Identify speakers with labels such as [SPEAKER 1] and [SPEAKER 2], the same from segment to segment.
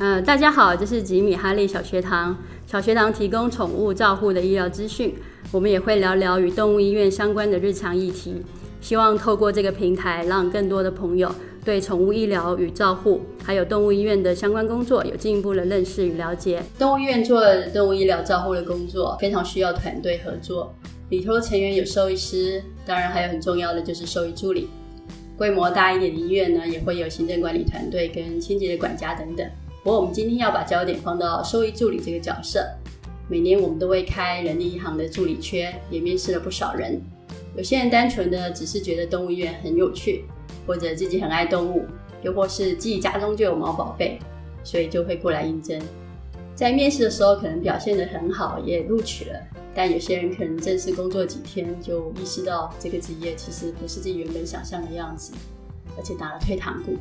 [SPEAKER 1] 呃，大家好，這是吉米哈利小學堂。小學堂提供寵物照護的醫療資訊，我們也會聊聊與動物醫院相關的日常議題。希望透過這個平台，讓更多的朋友對寵物醫療與照護，還有動物醫院的相關工作有進一步的認識與了解。動物醫院做了動物醫療照護的工作，非常需要團隊合作。裡頭的成員有獸醫師，當然還有很重要的就是獸醫助理。規模大一點的醫院呢，也會有行政管理團隊、跟清潔的管家等等。不過，我們今天要把焦點放到獸醫助理這個角色。每年我們都會開人力銀行的助理缺，也面試了不少人。有些人單純的只是覺得動物醫院很有趣，或者自己很愛動物，又或是自己家中就有毛寶貝，所以就會過來應徵。在面試的時候可能表現得很好，也錄取了。但有些人可能正式工作幾天，就意識到這個職業其實不是自己原本想象的樣子，而且打了退堂鼓。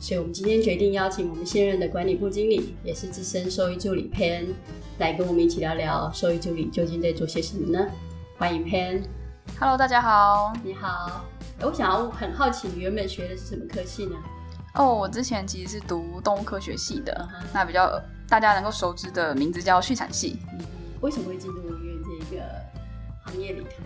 [SPEAKER 1] 所以我們今天決定邀請我們現任的管理部經理，也是資深獸醫助理沛恩，來跟我們一起聊聊獸醫助理究竟在做些什麼呢？歡迎沛恩。Hello，大家好。你好。哎、呃，我想要我很好奇，你原本學的是什麼科系
[SPEAKER 2] 呢？哦、oh,，我之前其實是讀動物科學系的，uh -huh. 那比較大家能夠熟知的名字叫畜產系。嗯，為什麼會進入醫院
[SPEAKER 1] 這個行業裡頭？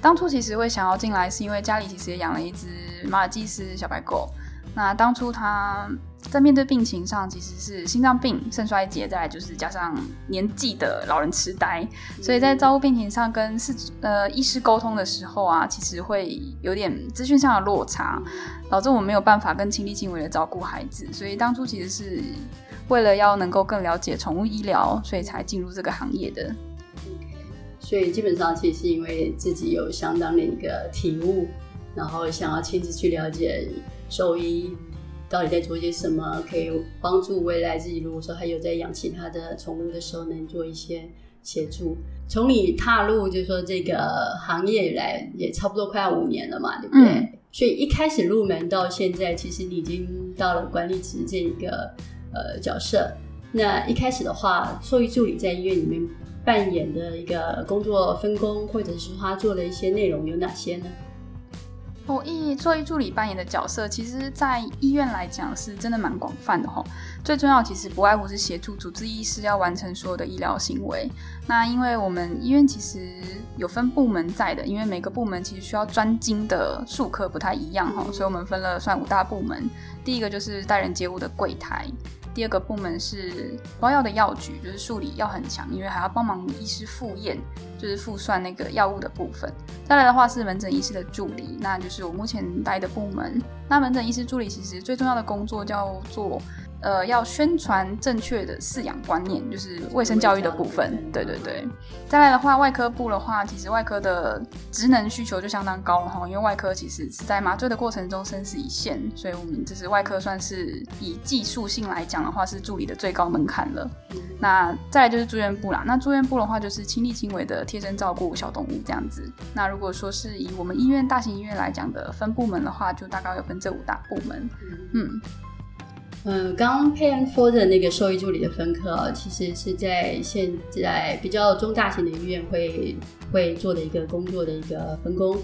[SPEAKER 2] 當初其實會想要進來，是因為家裡其實也養了一隻馬爾濟斯小白狗。那當初他在面對病情上，其實是心臟病、腎衰竭，再來就是加上年紀的老人痴呆，嗯、所以在照顧病情上跟是呃醫師溝通的時候啊，其實會有點資訊上的落差、嗯，導致我沒有辦法更親力親為的照顧孩子，所以當初其實是為了要能夠更了解寵物醫療，所以才進入這個行業的。
[SPEAKER 1] 所以基本上其實是因為自己有相當的一個體悟，然後想要親自去了解。獸醫到底在做些什麼，可以幫助未來自己？如果說還有在養其他的寵物的時候，能做一些協助。從你踏入就是說這個行業以來，也差不多快要五年了嘛，對不對？嗯。所以一開始入門到現在，其實你已經到了管理職這個呃角色。那一開始的話，獸醫助理在醫院裡面扮演的一個工作分工，或者是他做的一些內容有哪些呢？
[SPEAKER 2] 我醫作為助理扮演的角色，其實，在醫院來講是真的蠻廣泛的哈。最重要其實不外乎是協助主治醫師要完成所有的醫療行為。那因為我們醫院其實有分部門在的，因為每個部門其實需要專精的術科不太一樣，所以我們分了算五大部門。第一個就是待人接物的櫃台。第二個部門是光藥的藥局，就是數理要很強，因為還要幫忙醫師複驗，就是複算那個藥物的部分。再來的話是門診醫師的助理，那就是我目前待的部門。那門診醫師助理其實最重要的工作叫做。呃，要宣傳正確的飼養觀念，就是衛生教育的部分。對對對，再來的話，外科部的話，其實外科的職能需求就相當高了哈，因為外科其實是在麻醉的過程中生死一線，所以我們就是外科算是以技術性來講的話，是助理的最高門檻了。嗯。那再來就是住院部啦，那住院部的話，就是親力親為的貼身照顧小動物這樣子。那如果說是以我們醫院大型醫院來講的分部門的話，就大概有分這五大部門，嗯。嗯
[SPEAKER 1] 嗯，剛沛恩說的那個獸醫助理的分科啊、哦，其實是在現在比較中大型的醫院會會做的一個工作的一個分工。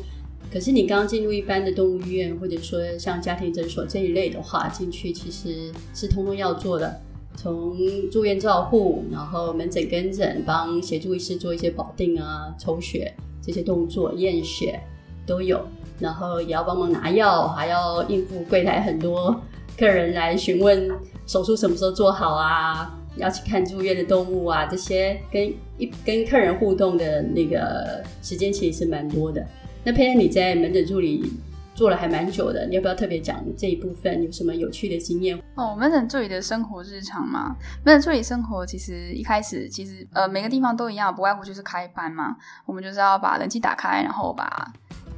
[SPEAKER 1] 可是你剛進入一般的動物醫院，或者說像家庭診所這一類的話，進去其實是通通要做的，從住院照護，然後門診跟診，幫協助醫師做一些保定啊、抽血這些動作，驗血都有，然後也要幫忙拿藥，還要應付櫃台很多。客人來詢問手術什麼時候做好啊，要去看住院的動物啊，這些跟一跟客人互動的那個時間其實是蠻多的。那沛恩，你在門診助理做了還蠻久的，你要不要特別講這一部分有什麼有趣的經驗？
[SPEAKER 2] 哦，門診助理的生活日常嘛，門診助理生活其實一開始其實呃每個地方都一樣，不外乎就是開班嘛，我們就是要把冷氣打開，然後把。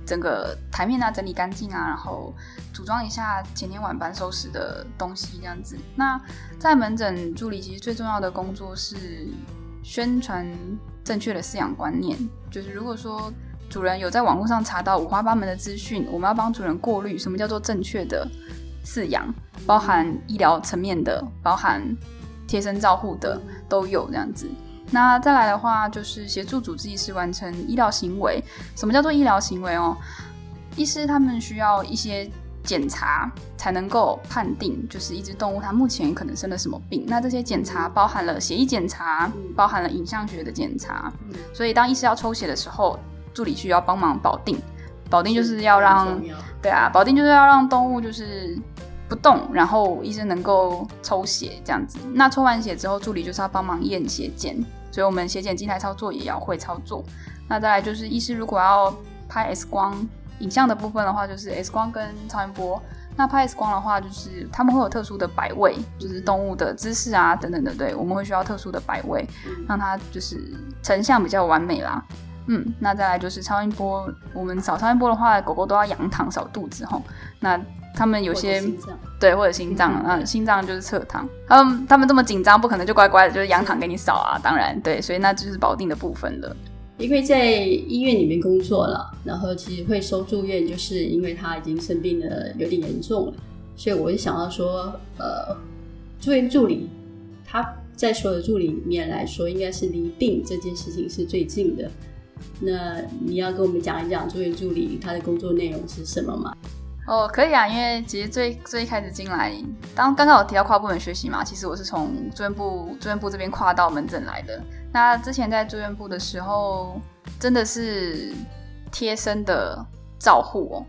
[SPEAKER 2] 整個台面啊，整理乾淨啊，然後組裝一下前天晚班收拾的東西，這樣子。那在門診助理，其實最重要的工作是宣傳正確的飼養觀念，就是如果說主人有在網路上查到五花八門的資訊，我們要幫主人過濾什麼叫做正確的飼養，包含醫療層面的，包含貼身照護的，都有這樣子。那再來的話，就是協助主治醫師完成醫療行為。什麼叫做醫療行為哦？醫師他們需要一些檢查才能夠判定，就是一隻動物它目前可能生了什麼病。那這些檢查包含了血液檢查、嗯，包含了影像學的檢查、嗯。所以當醫師要抽血的時候，助理需要幫忙保定。保定就是要讓，對啊，保定就是要讓動物就是不動，然後醫生能夠抽血這樣子。那抽完血之後，助理就是要幫忙驗血檢。所以，我們斜剪機台操作也要會操作。那再來就是，醫師如果要拍 X 光影像的部分的話，就是 X 光跟超音波。那拍 X 光的話，就是他們會有特殊的擺位，就是動物的姿勢啊等等的，對，我們會需要特殊的擺位，讓它就是成像比較完美啦。嗯，那再來就是超音波，我們掃超音波的話，狗狗都要仰躺掃肚子哦，那他們有些對或者心臟啊，心臟、嗯、就是側躺、嗯。他們他們這麼緊張，不可能就乖乖的，就是仰躺給你掃啊。當然，對，所以那就是保定的部分了。
[SPEAKER 1] 因為在醫院裡面工作了，然後其實會收住院，就是因為他已經生病的有點嚴重了。所以我就想到說，呃，住院助理他在所有的助理裡面來說，應該是離病這件事情是最近的。那你要跟我們講一講，住院助理，他的工作內容是什麼
[SPEAKER 2] 嗎？哦，可以啊，因為其實最最一開始進來，當剛剛我提到跨部門學習嘛，其實我是從住院部，住院部這邊跨到門診來的。那之前在住院部的時候，真的是貼身的照護、哦。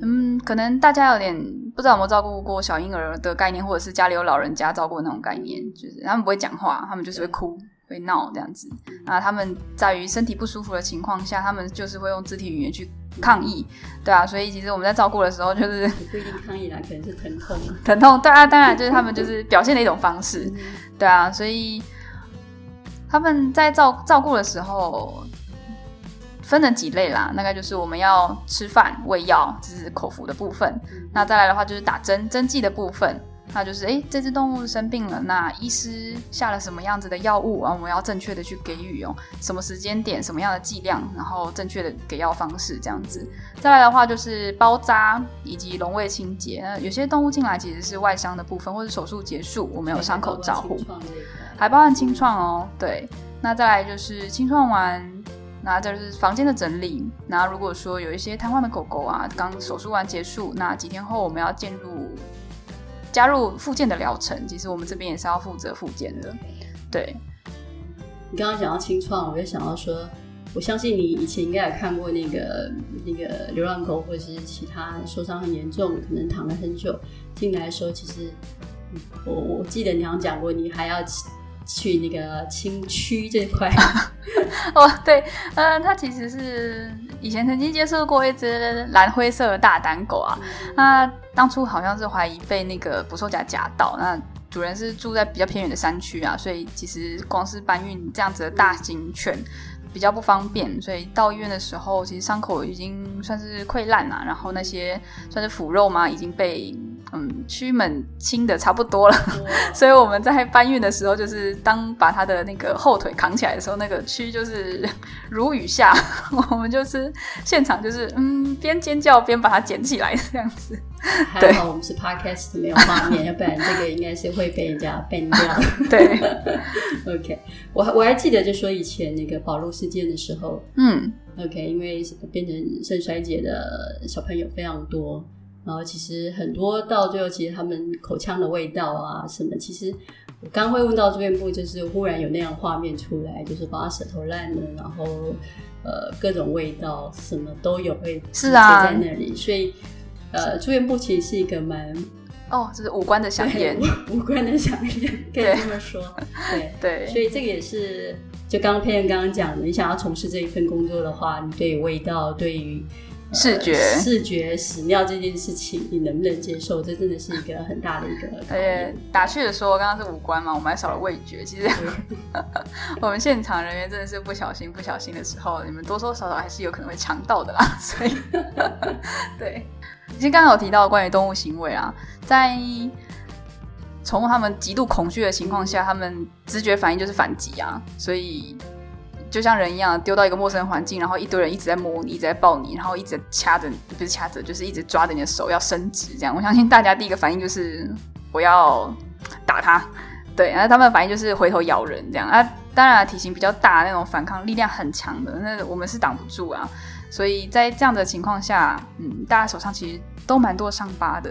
[SPEAKER 2] 嗯，可能大家有點不知道，有沒有照顧過小嬰兒的概念，或者是家裡有老人家照顧那種概念，就是他們不會講話，他們就是會哭，會鬧這樣子，那他們在於身體不舒服的情況下，他們就是會用肢體語言去抗議，對啊，所以其實我們在照顧的時候，就是不一定抗議啦，可能是疼痛，疼痛，對啊，當然就是他們就是表現的一種方式，對啊，所以他們在照照顧的時候分成幾類啦，那個就是我們要吃飯、餵藥，就是口服的部分，那再來的話就是打針、針劑的部分。那就是哎，這只動物生病了，那醫師下了什麼樣子的藥物啊？我們要正確的去給予哦，什麼時間點、什麼樣的劑量，然後正確的給藥方式這樣子。再來的話就是包紮以及籠位清潔。那有些動物進來其實是外傷的部分，或者手術結束，我們有傷口照護，還包含清創，創哦、嗯。對，那再來就是清創完，那這就是房間的整理。那如果說有一些癱瘓的狗狗啊，剛手術完結束，那幾天後我們要進入。加入復健的療程，其實我們這邊也是要負責復健的。
[SPEAKER 1] 對，你剛剛講到清創，我就想到說，我相信你以前應該有看過那個那個流浪狗，或者是其他受傷很嚴重，可能躺了很久進來的時候，其實我我記得你好像講過，你還要。去那個清區這塊，
[SPEAKER 2] 哦對，呃他其實是以前曾經接觸過一隻藍灰色的大丹狗啊，那當初好像是懷疑被那個捕獸夾夾到，那主人是住在比較偏遠的山區啊，所以其實光是搬運這樣子的大型犬比較不方便，所以到醫院的時候，其實傷口已經算是潰爛了。啊，然後那些算是腐肉嘛已經被。嗯，蛆們清的差不多了。哦，所以我們在搬運的時候，就是當把他的那個後腿扛起來的時候，那個蛆就是如雨下，我們就是現場就是嗯，邊尖叫邊把它撿起來這樣子。還好我
[SPEAKER 1] 們是 podcast 沒有畫面。啊，要不然這個應該是會被人家 ban 掉。啊、對 ，OK，我我還記得就說以前那個寶路事件的時候，嗯，OK，因為變成腎衰竭的小朋友非常多。然後其實很多到最後，其實他們口腔的味道啊什麼，其實我剛會問到住院部，就是忽然有那樣畫面出來，就是把舌頭爛了，然後呃各種味道什麼都有會寫在那裡，所以，呃、住院部其實是一個蠻、啊、蠻哦這是五官的饗宴。五官的饗宴，可以這麼說，對對，對，所以這個也是就剛剛沛恩剛剛講的，你想要從事這一份工作的話，你對於味道對於。視覺、呃、視覺屎尿這件事情，你能不能接受？這真的是一個很大的一個。而且，打趣的說，剛
[SPEAKER 2] 剛是五官嘛，我們還少了味覺。其實 我們現場人員真的是不小心、不小心的時候，你們多多少少還是有可能會搶到的啦。所以， 對。其實剛剛有提到關於動物行為啊，在寵物他們極度恐懼的情況下，他們直覺反應就是反擊啊，所以。就像人一樣，丟到一個陌生環境，然後一堆人一直在摸你，一直在抱你，然後一直掐着你，不是掐着，就是一直抓着你的手要伸直這樣。我相信大家第一個反應就是我要打他，對，然後他們的反應就是回頭咬人這樣。啊，當然體型比較大那種反抗力量很強的，那我們是擋不住啊。所以在這樣的情況下，嗯，大家手上其實都蠻多傷疤的。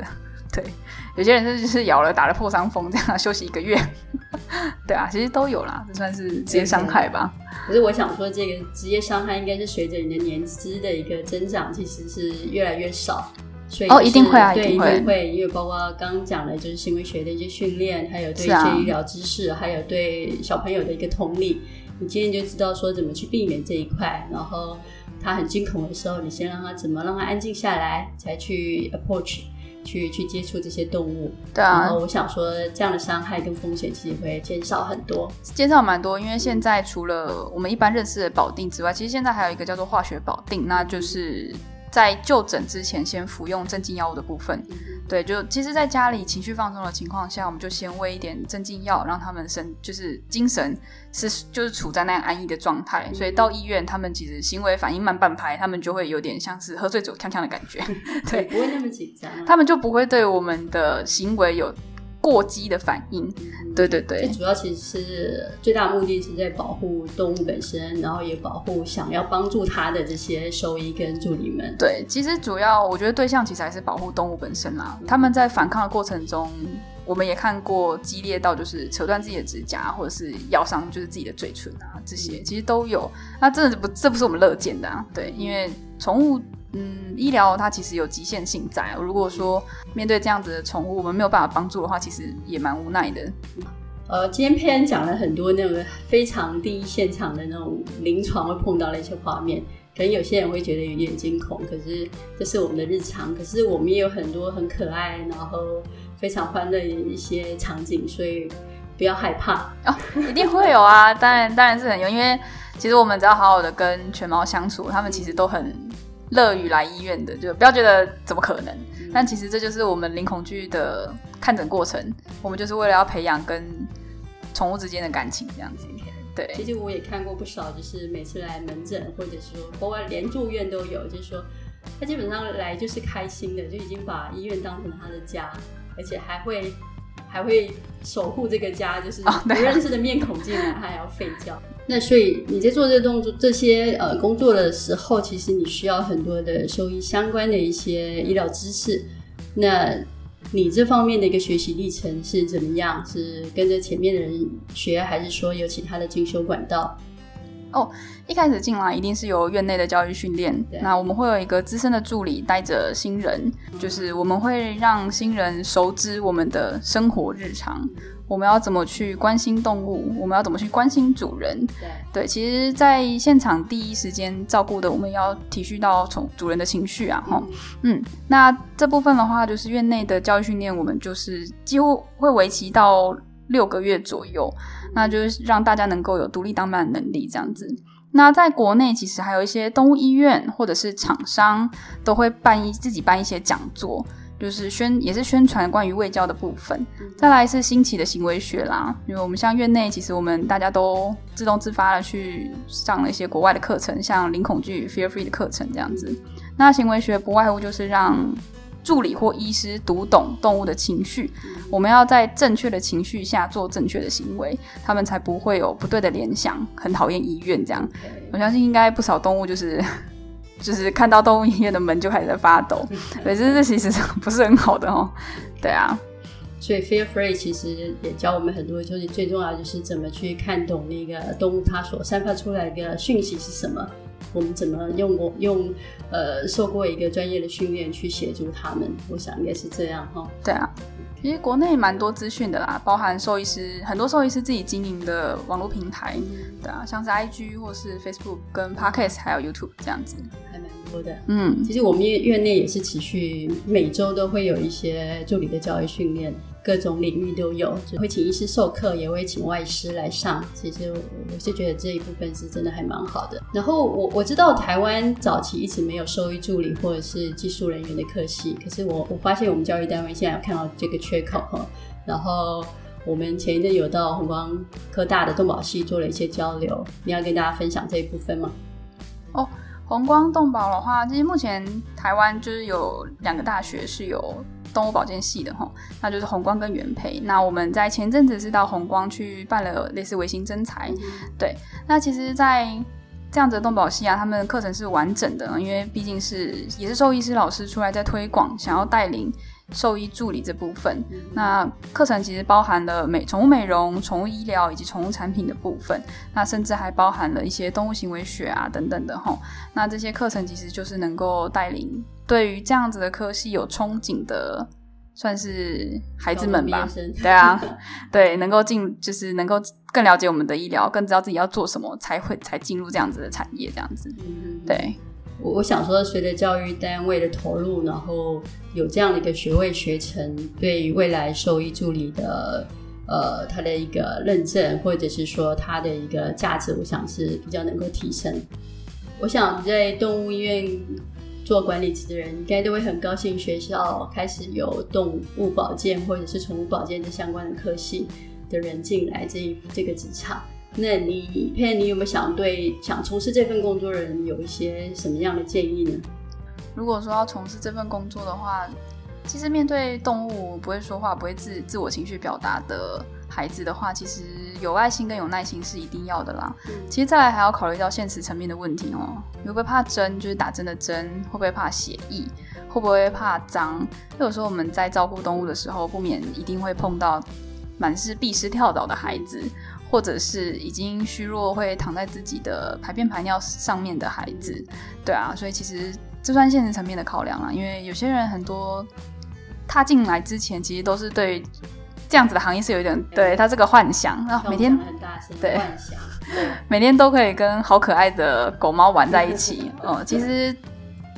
[SPEAKER 2] 對，有些人就是咬了，打了破傷風，這樣、啊、休息一個月。 對啊，其實都有啦，這算是職業傷害吧。可是我想說，這
[SPEAKER 1] 個職業傷害應該是隨着你的年資的一個增長，其實是越來越少。所以是、哦、一定會啊、一定會，對一定會，因為包括剛剛講的就是行為學的一些訓練，還有對一些醫療知識、啊，還有對小朋友的一個同理，你今天就知道說怎麼去避免這一塊。然後他很驚恐的時候，你先讓他怎麼讓他安靜下來，才去 approach。去去接觸這些動物，對啊，然後我想說，這樣的傷害跟
[SPEAKER 2] 風險其實會減少很多，減少蠻多。因為現在除了我們一般認識的保定之外，其實現在還有一個叫做化學保定，那就是。在就診之前，先服用鎮靜藥物的部分，嗯、對，就其實，在家裡情緒放鬆的情況下，我們就先餵一點鎮靜藥，讓他們身就是精神是就是處在那樣安逸的狀態、嗯，所以到醫院，他們其實行為反應慢半拍，他們就會有點像是喝醉酒踉蹌的感覺、嗯，對，不會那麼緊張，他們就不會對我們的行為有。過激的反應，對對對，主要其實是最大的目的是在保護動物本身，然後也保護想要幫助它的這些獸醫跟助理們。對，其實主要我覺得對象其實還是保護動物本身啦。嗯、他們在反抗的過程中、嗯，我們也看過激烈到就是扯斷自己的指甲，或者是咬傷就是自己的嘴唇啊，這些、嗯、其實都有。那真的不，這不是我們樂見的、啊嗯，對，因為寵物。嗯，醫療它其實有極限性在。如果說面對這樣子的寵物，我們沒有辦法幫助的話，其實也蠻無奈的。呃，今天沛恩講了很多那種非常第一現場的那種臨床
[SPEAKER 1] 會碰到的一些畫面，可能有些人會覺得有點驚恐。可是這是我們的日常，可是我們也有很多很可愛，然後非常歡樂一些場景，所以不要害怕啊、
[SPEAKER 2] 哦！一定會有啊！ 當然，當然是很有，因為其實我們只要好好的跟犬貓相處，他們其實都很。嗯樂於來醫院的，就不要覺得怎麼可能，嗯，但其實這就是我們零恐懼的看診過程。我們就是為了要培養跟寵物之間的感情，這樣子。對，其實我也看過不少，就是每次來
[SPEAKER 1] 門診，或者說包括連住院都有，就是說他基本上來就是開心的，就已經把醫院當成他的家，而且還會還會守護這個家，就是不認識的面孔進來他還要吠叫。哦。 那所以你在做這動作這些呃工作的時候，其實你需要很多的獸醫相關的一些醫療知識。那你這方面的一個學習歷程是怎麼樣？是
[SPEAKER 2] 跟着前面的人學，還是說有其他的進修管道？哦、oh，一開始進來一定是由院內的教育訓練。那我們會有一個資深的助理帶着新人，嗯，就是我們會讓新人熟知我們的生活日常，我們要怎麼去關心動物，嗯，我們要怎麼去關心主人。對，對其實，在現場第一時間照顧的，我們要體恤到從主人的情緒啊，哈、嗯，嗯，那這部分的話，就是院內的教育訓練，我們就是幾乎會維持到。六個月左右，那就是讓大家能夠有獨立當班的能力這樣子。那在國內其實還有一些動物醫院或者是廠商都會辦一自己辦一些講座，就是宣也是宣傳關於衛教的部分。再來是新奇的行為學啦，因為我們像院內其實我們大家都自動自發的去上了一些國外的課程，像零恐懼、Fear Free 的課程這樣子。那行為學不外乎就是讓。助理或醫師讀懂動物的情緒，嗯，我們要在正確的情緒下做正確的行為，他們才不會有不對的聯想，很討厭醫院這樣。Okay. 我相信應該不少動物就是，就是看到動物醫院的門就還在發抖， 對，就是這其實不是很好的哦。對啊，所以 Fear Free 其實也教我們
[SPEAKER 1] 很多，就是最重要就是怎麼去看懂那個動物它所散發出來的訊息是什麼。我們怎麼用我用，呃，受過一個專業的訓練去協助
[SPEAKER 2] 他們？我想應該是這樣哈、哦。對啊，其實國內蠻多資訊的啦，包含獸醫師，很多獸醫師自己經營的網絡平台、嗯，對啊，像是 IG 或是 Facebook 跟 Podcast 還有 YouTube 這樣子，還蠻多的。
[SPEAKER 1] 嗯，其實我們院院內也是持續每周都會有一些助理的教育訓練。各種領域都有，只會請醫師授課，也會請外師來上。其實我是覺得這一部分是真的還蠻好的。然後我我知道台灣早期一直沒有獸醫助理或者是技術人員的科系，可是我我發現我們教育單位現在有看到這個缺口。然後我們前一陣有到弘光科大的動保系做了一些交流，你要跟大家分享這一部分嗎？
[SPEAKER 2] 哦，弘光動保的話，其實目前台灣就是有兩個大學是有。動物保健系的吼，那就是弘光跟元培。那我們在前陣子是到弘光去辦了類似微型徵才，對。那其實，在這樣子的動保系啊，他們的課程是完整的，因為畢竟是也是獸醫師老師出來在推廣，想要帶領。獸醫助理這部分，嗯嗯，那課程其實包含了美寵物美容、寵物醫療以及寵物產品的部分，那甚至還包含了一些動物行為學啊等等的吼，那這些課程其實就是能夠帶領對於這樣子的科系有憧憬的，算是孩子們吧？對啊， 對，能夠進就是能夠更了解我們的醫療，更知道自己要做什麼才，才會才進入這樣子的產業這樣子，嗯嗯嗯對。
[SPEAKER 1] 我我想說，隨着教育單位的投入，然後有這樣的一個學位學程，對於未來獸醫助理的呃，他的一個認證，或者是說他的一個價值，我想是比較能夠提升。我想在動物醫院做管理職的人，應該都會很高興，學校開始有動物保健或者是寵物保健的相關的科系的人進來這一這個職場。那你沛，你有沒有想對想從事這份工作的人有一些什麼樣
[SPEAKER 2] 的建議呢？如果說要從事這份工作的話，其實面對動物不會說話、不會自自我情緒表達的孩子的話，其實有愛心跟有耐心是一定要的啦。嗯、其實再來還要考慮到現實層面的問題哦、喔，如果怕針？就是打針的針，會不會怕血液？會不會怕髒？因為有時候我們在照顧動物的時候，不免一定會碰到滿是壁蝨、跳蚤的孩子。或者是已經虛弱，會躺在自己的排便排尿上面的孩子，對啊，所以其實這算現實層面的考量啦。因為有些人很多踏進來之前，其實都是對這樣子的行業是有一點、欸、對他這個幻想，然、啊、後每天對，對每天都可以跟好可愛的狗貓玩在一起。哦、嗯，其實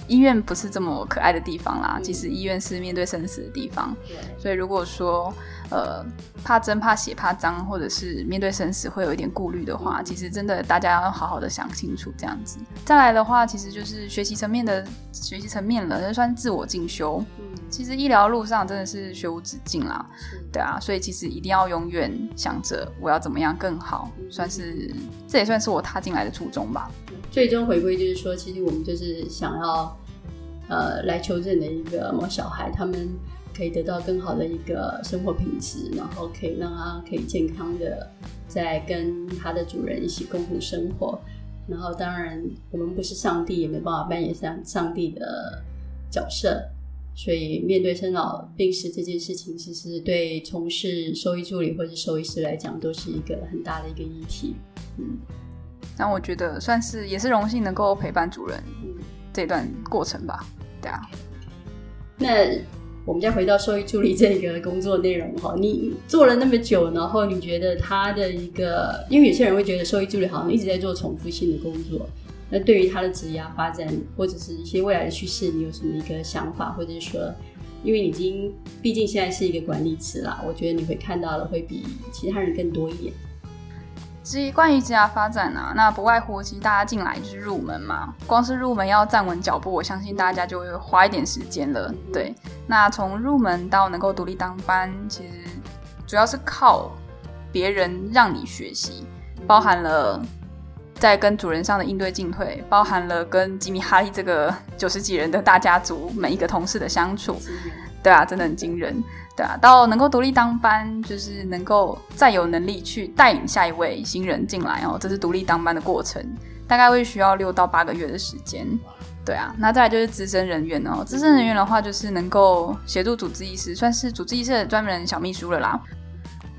[SPEAKER 2] 醫院不是這麼可愛的地方啦。嗯、其實醫院是面對生死的地方，對所以如果說。呃，怕針、怕血、怕髒，或者是面對生死會有一點顧慮的話，嗯、其實真的大家要好好的想清楚。這樣子再來的話，其實就是學習層面的學習層面了，就算自我進修。嗯，其實醫療路上真的是學無止境啦、嗯。對啊，所以其實一定要永遠想着我要怎麼樣更好，嗯、算是這也算是我踏進來的初衷吧。最終回歸就是說，其
[SPEAKER 1] 實我們就是想要
[SPEAKER 2] 呃來求診的一個毛
[SPEAKER 1] 小孩，他們。可以得到更好的一個生活品質，然後可以讓它可以健康的再跟它的主人一起共同生活。然後，當然我們不是上帝，也沒辦法扮演上上帝的角色。所以，面對生老病死這件事情，其實對從事獸醫助理或者獸醫師
[SPEAKER 2] 來講，都是一個很大的一個議題。嗯，那我覺得算是也是榮幸能夠陪伴主人這段過程吧。對啊，那。
[SPEAKER 1] 我們再回到獸醫助理這個工作內容哈，你做了那麼久，然後你覺得他的一個，因為有些人會覺得獸醫助理好像一直在做重複性的工作，那對於他的職業發展或者是一些未來的趨勢，你有什麼一個想法？或者是說，因為你已經畢竟現在是一個管理職啦，我覺得你會看到的會比其他人更多一點。
[SPEAKER 2] 其實關於職涯發展啊，那不外乎其實大家進來就是入門嘛，光是入門要站穩腳步，我相信大家就會花一點時間了。對，那從入門到能夠獨立當班，其實主要是靠別人讓你學習，包含了在跟主人上的應對進退，包含了跟吉米哈利這個九十幾人的大家族，每一個同事的相處，對啊，真的很驚人。對啊，到能夠獨立當班，就是能夠再有能力去帶領下一位新人進來哦，這是獨立當班的過程，大概會需要六到八個月的時間。對啊，那再來就是資深人員哦，資深人員的話就是能夠協助主治醫師，算是主治醫師的專門小秘書了啦。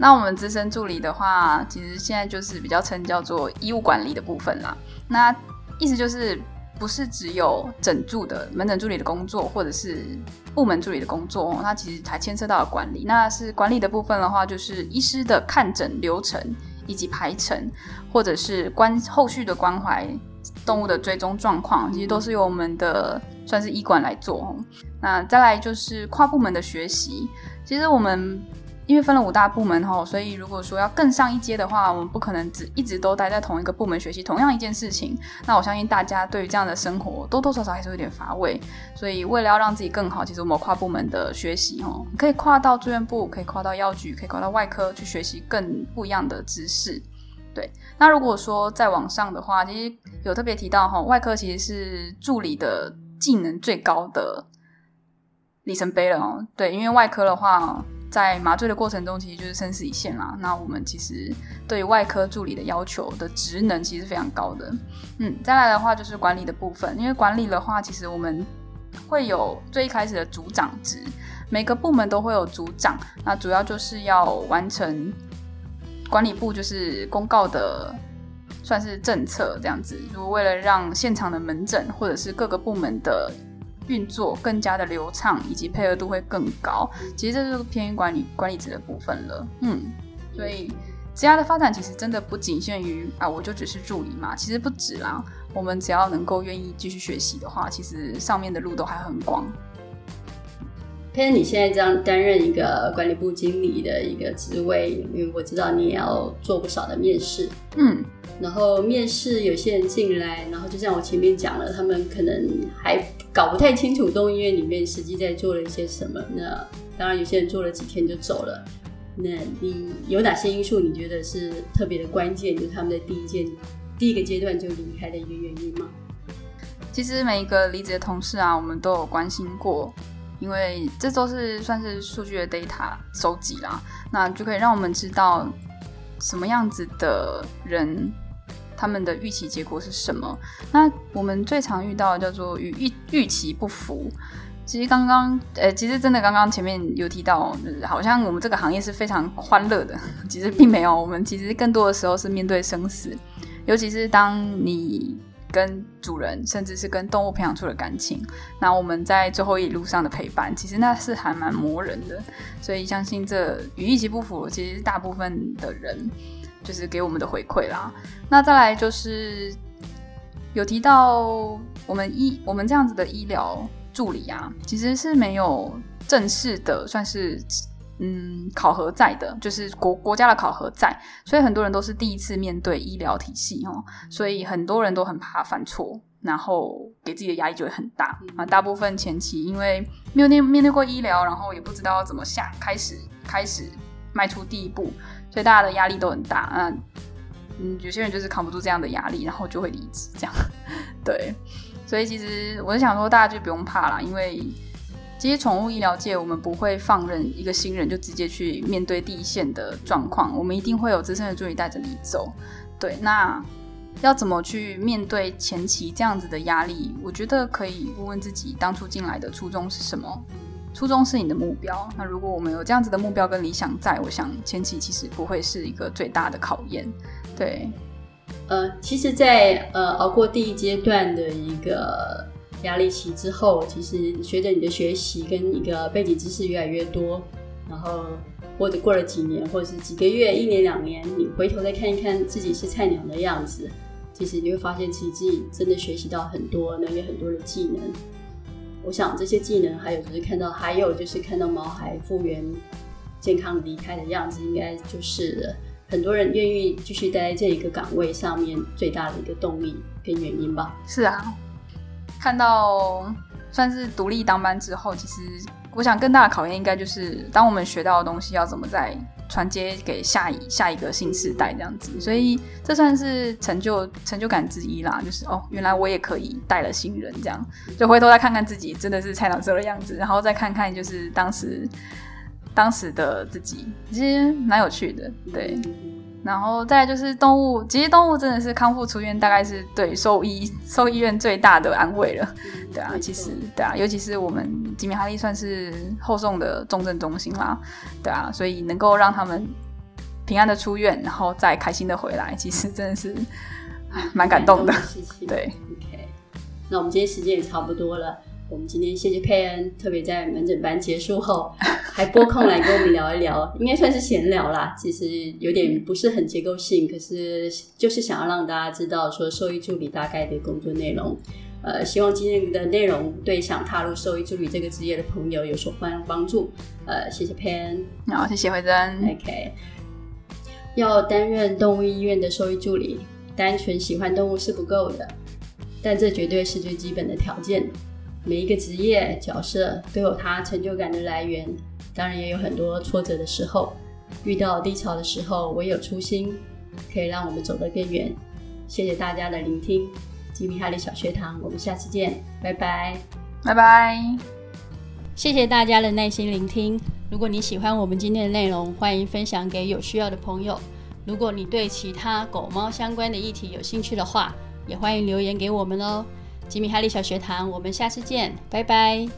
[SPEAKER 2] 那我們資深助理的話，其實現在就是比較稱叫做醫務管理的部分啦。那意思就是。不是只有診助的門診助理的工作，或者是部門助理的工作，它其實還牽涉到了管理。那是管理的部分的話，就是醫師的看診流程以及排程，或者是關後續的關懷，動物的追蹤狀況，其實都是由我們的算是醫館來做。那再來就是跨部門的學習，其實我們。因為分了五大部門哈，所以如果說要更上一階的話，我們不可能只一直都待在同一個部門學習同樣一件事情。那我相信大家對於這樣的生活多多少少還是有點乏味。所以為了要讓自己更好，其實我們有跨部門的學習哦，可以跨到住院部，可以跨到藥局，可以跨到外科去學習更不一樣的知識。對，那如果說再往上的話，其實有特別提到哈，外科其實是助理的技能最高的里程碑了哦。對，因為外科的話。在麻醉的過程中，其實就是生死一線啦。那我們其實對外科助理的要求的職能其實非常高的。嗯，再來的話就是管理的部分，因為管理的話，其實我們會有最一開始的組長職，每個部門都會有組長。那主要就是要完成管理部就是公告的，算是政策這樣子，如果為了讓現場的門診或者是各個部門的。運作更加的流暢，以及配合度會更高。其實這就是偏於管理、管理職的部分了。嗯，所以職涯的發展其實真的不僅限於啊，我就只是助理嘛。其實不止啦，我們只要能夠願意繼續學習的話，其實上面的路都還很廣。
[SPEAKER 1] 沛恩，你現在這樣擔任一個管理部經理的一個職位，因為我知道你也要做不少的面試。嗯，然後面試有些人進來，然後就像我前面講了，他們可能還搞不太清楚動物醫院裡面實際在做了一些什麼。那當然，有些人做了幾天就走了。那你有哪些因素，
[SPEAKER 2] 你覺得是特別的關鍵，就是他們在第一件、第一個階段就離開的一個原因嗎？其實每一個離職的同事啊，我們都有關心過，因為這都是算是數據的 data 收集啦，那就可以讓我們知道什麼樣子的人，他們的預期結果是什麼？那我們最常遇到的叫做與預期不符。其實剛剛，呃、欸，其實真的剛剛前面有提到，就是、好像我們這個行業是非常歡樂的，其實並沒有。我們其實更多的時候是面對生死，尤其是當你跟主人，甚至是跟動物培養出了感情，那我們在最後一路上的陪伴，其實那是還蠻磨人的。所以相信這與預期不符，其實是大部分的人，就是給我們的回饋啦。那再來就是有提到我們醫我們這樣子的醫療助理啊，其實是沒有正式的，算是嗯考核在的，就是國國家的考核在。所以很多人都是第一次面對醫療體系哦，所以很多人都很怕犯錯，然後給自己的壓力就會很大啊。大部分前期因為沒有面面對過醫療，然後也不知道怎麼下開始開始邁出第一步。所以大家的壓力都很大，嗯嗯，有些人就是扛不住這樣的壓力，然後就會離職，這樣。對，所以其實我是想說，大家就不用怕啦，因為其實寵物醫療界，我們不會放任一個新人就直接去面對第一線的狀況，我們一定會有資深的助理帶着你走。對，那要怎麼去面對前期這樣子的壓力？我覺得可以問問自己當初進來的初衷是什麼。初衷是你的目標，那如果我們有這樣子的目標跟理想在，在我想前期其實不會是一個最大的考驗，對，呃，其實在，在呃熬過第一階
[SPEAKER 1] 段的一個壓力期之後，其實隨着你的學習跟一個背景知識越來越多，然後或者過了幾年，或者是幾個月、一年、兩年，你回頭再看一看自己是菜鳥的樣子，其實你會發現其實自己真的學習到很多，能有很多的技能。我想這些技能，還有就是看到，還有就是看到毛孩復原、健康離開的樣子，應該就是很多人願意繼續待在這一個崗位上面最大的一個動力跟原因吧。
[SPEAKER 2] 是啊，看到算是獨立當班之後，其實我想更大的考驗應該就是，當我們學到的東西要怎麼在。傳接給下一下一個新世代這樣子，所以這算是成就成就感之一啦。就是哦，原來我也可以帶了新人這樣，就回頭再看看自己真的是菜到這個樣子，然後再看看就是當時當時的自己,其實蠻有趣的，對。然後再來就是動物，其實動物真的是康復出院，大概是對獸醫、獸醫院最大的安慰了。 對啊，對，其實，對啊，尤其是我們吉米哈利算是後送的重症中心啦。對啊，所以能夠讓他們平安的出院，然後再開心的回來，其實真的是 蠻感動的。感動的事情。對，OK，那我們今天時間也
[SPEAKER 1] 差不多了。我們今天謝謝沛恩，特別在門診班結束後還撥空來跟我們聊一聊， 應該算是閒聊啦。其實有點不是很結構性，可是就是想要讓大家知道說獸醫助理大概的工作內容。呃，希望今天的內容對想踏入獸醫助理這個職業的朋友有所幫助。呃，謝謝沛恩，好，謝謝慧珍。OK，要擔任動物醫院的獸醫助理，單純喜歡動物是不夠的，但這絕對是最基本的條件。每一個職業角色都有他成就感的來源，當然也有很多挫折的時候，遇到低潮的時候，唯有初心可以讓我們走得更遠。謝謝大家的聆聽，吉米哈利小學堂，我們下次見，拜拜，拜拜。謝謝大家的耐心聆聽。如果你喜歡我們今天的內容，歡迎分享給有需要的朋友。如果你對其他狗貓相關的議題有興趣的話，也歡迎留言給我們哦。吉米哈利小學堂，我們下次見，拜拜。